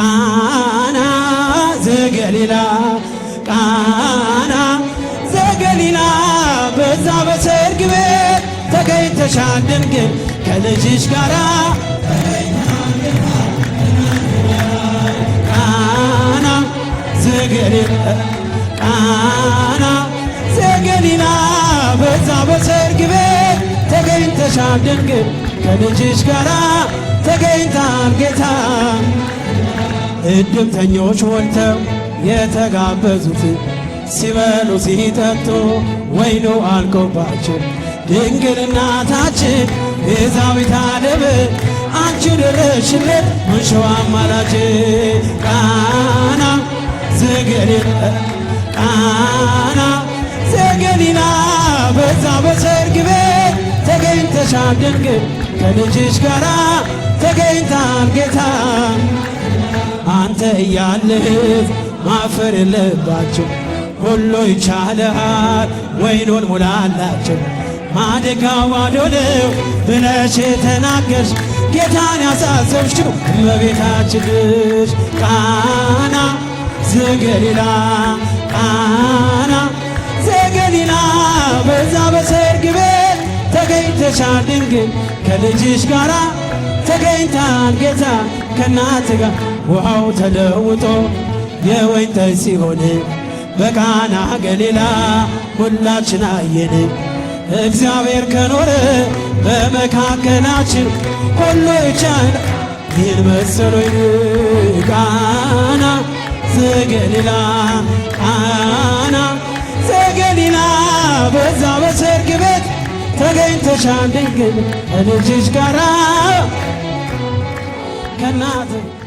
ቃና ዘገሊላ ቃና ዘገሊላ በዛ በሰርግ ቤት ተገኝተሻል ድንግል ከልጅሽ ጋራ ቃና ዘገሊላ ቃና ዘገሊላ በዛ በሰርግ ቤት ተገኝተሻል ድንግል ከልጅሽ ጋራ ተገኝታል ጌታ እድምተኞች ሞልተው የተጋበዙት ሲበሉ ሲጠጡ ወይኑ አልቆባቸው ድንግል እናታችን ቤዛዊተ ዓለም አንቺ ደረሽልን ሙሽዋ አማላጅን ቃና ዘገሊላ ቃና ዘገሊላ በዛ በሰርግ ቤት ተገኝተሻል ድንግል ከልጅሽ ጋራ ተገኝታል ጌታ አንተ እያለህ ማፈር የለባቸው ሁሉ ይቻልሃል ወይኑን ሙላላቸው ማደጋ ባዶ ነው ብለሽ የተናገርሽ ጌታን ያሳዘብሽው እመቤታችን ቃና ዘገሊላ ቃና ዘገሊላ በዛ በሰርግ ቤት ተገኝተሻል ድንግል ከልጅሽ ጋራ ተገኝታል ጌታ ከእናት ጋር ውሃው ተለውጦ የወይን ጠጅ ሲሆን በቃና ገሊላ ሁላችን አየን። እግዚአብሔር ከኖረ በመካከላችን ሁሉ ይቻል። ይህን መሰሉ ቃና ዘገሊላ ቃና ዘገሊላ በዛ በሰርግ ቤት ተገኝተሻል ድንግል ከልጅሽ ጋራ ከእናት